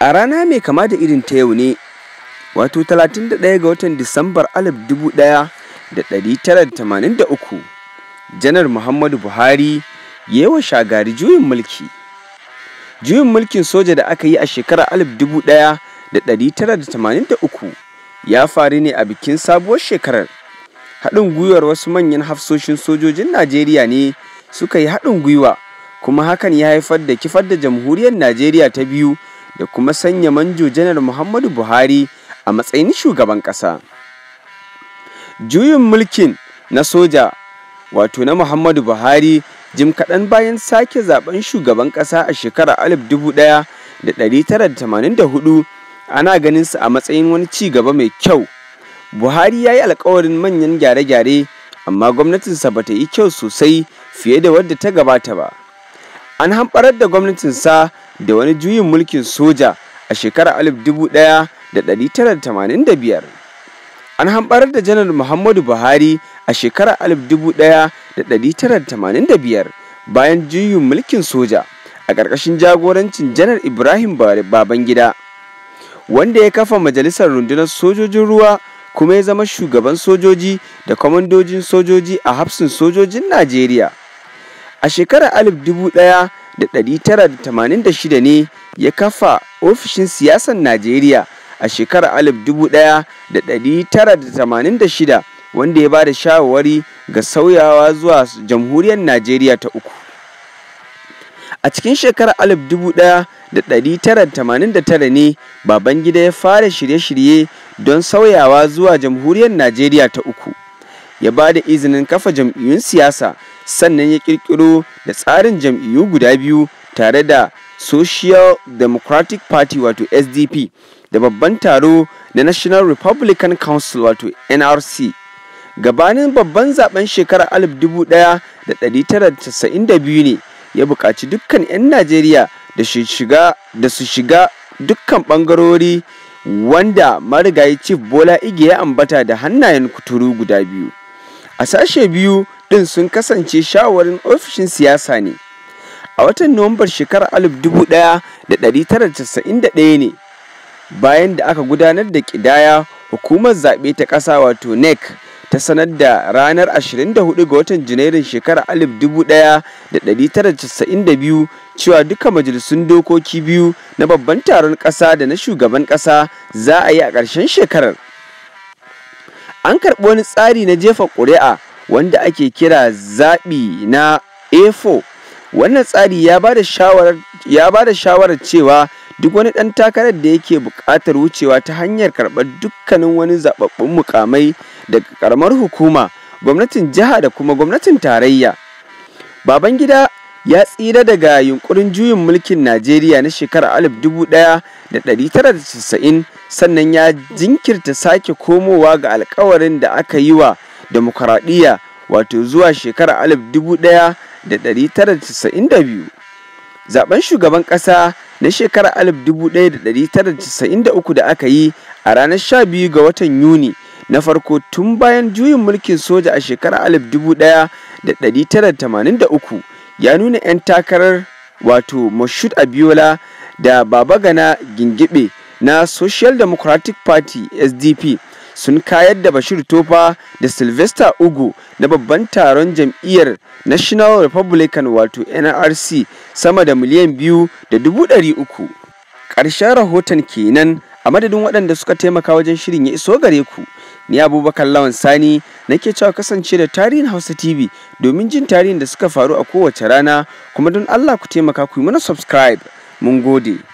A rana mai kama da irin ta yau ne, wato 31 ga watan Disambar 1983, Janar Muhammadu Buhari ya yi wa Shagari juyin mulki. Juyin mulkin soja da aka yi a shekarar 1983 ya faru ne a bikin sabuwar shekarar. Haɗin gwiwar wasu manyan hafsoshin sojojin Najeriya ne suka yi haɗin gwiwa kuma hakan ya haifar da kifar da jamhuriyar najeriya ta biyu da kuma sanya manjo janar muhammadu buhari a matsayin shugaban ƙasa juyin mulkin na soja wato na muhammadu buhari jim kaɗan bayan sake zaben shugaban ƙasa a shekarar 1984 ana ganin su a matsayin wani ci gaba mai kyau buhari ya yi alkawarin manyan gyare-gyare amma gwamnatinsa ba ta yi kyau sosai fiye da wadda ta gabata ba an hamɓarar da gwamnatinsa da wani juyin mulkin soja a shekarar 1985 an hamɓarar da janar muhammadu buhari a shekarar 1985 bayan juyin mulkin soja a ƙarƙashin jagorancin janar ibrahim babangida wanda ya kafa majalisar rundunar sojojin ruwa kuma ya zama shugaban sojoji da kwamandojin sojoji a hafsin sojojin najeriya A shekarar 1986 ne ya kafa ofishin siyasar Najeriya a shekarar 1986 wanda ya ba da shawarwari ga sauyawa zuwa jamhuriyar Najeriya ta uku. A cikin shekarar 1989 ne Babangida ya fara shirye-shirye don sauyawa zuwa jamhuriyar Najeriya ta uku. Ya ba da izinin kafa jam'iyyun siyasa sannan ya kirkiro da tsarin jam'iyyu guda biyu tare da social democratic party wato sdp da babban taro da national republican council wato nrc gabanin babban zaben shekarar 1992 ne ya buƙaci dukkan 'yan najeriya da su shiga dukkan ɓangarori wanda marigayi chief bola igiya ambata da hannayen kuturu guda biyu a sashe biyu ɗin sun kasance shawarin ofishin siyasa ne. A watan Nuwambar shekarar 1991 ne, bayan da aka gudanar da ƙidaya hukumar zaɓe ta ƙasa wato NEC ta sanar da ranar 24 ga watan Janairun shekarar 1992 cewa duka majalisun dokoki biyu na babban taron ƙasa da na shugaban ƙasa za a yi a ƙarshen shekarar. An karɓi wani tsari na jefa ƙuri'a wanda ake kira zaɓi na A4. Wannan tsari ya ba da shawarar cewa duk wani ɗan takarar da yake buƙatar wucewa ta hanyar karɓar dukkanin wani zaɓaɓɓun mukamai daga ƙaramar hukuma, gwamnatin jiha da kuma gwamnatin tarayya. Babangida ya tsira daga yunkurin juyin mulkin Najeriya na shekarar 1990 sannan ya jinkirta sake komowa ga alkawarin da aka yi wa demokaradiyya wato zuwa shekarar 1992 zaben shugaban ƙasa na shekarar 1993 da aka yi a ranar 12 ga watan yuni na farko tun bayan juyin mulkin soja a shekarar 1983 ya nuna 'yan takarar wato mashud abiola da babagana gingibe na social democratic party sdp sun kayar da bashir tofa da sylvester ugu na babban taron jam'iyyar national republican wato nrc sama da miliyan biyu da dubu ɗari uku ƙarshen rahoton kenan a madadin waɗanda suka taimaka wajen shirin ya iso gare ku ni abubakar lawan sani nake cewa kasance da tarihin hausa tv domin jin tarihin da suka faru a kowace rana kuma don allah ku taimaka ku yi mana subscribe mun gode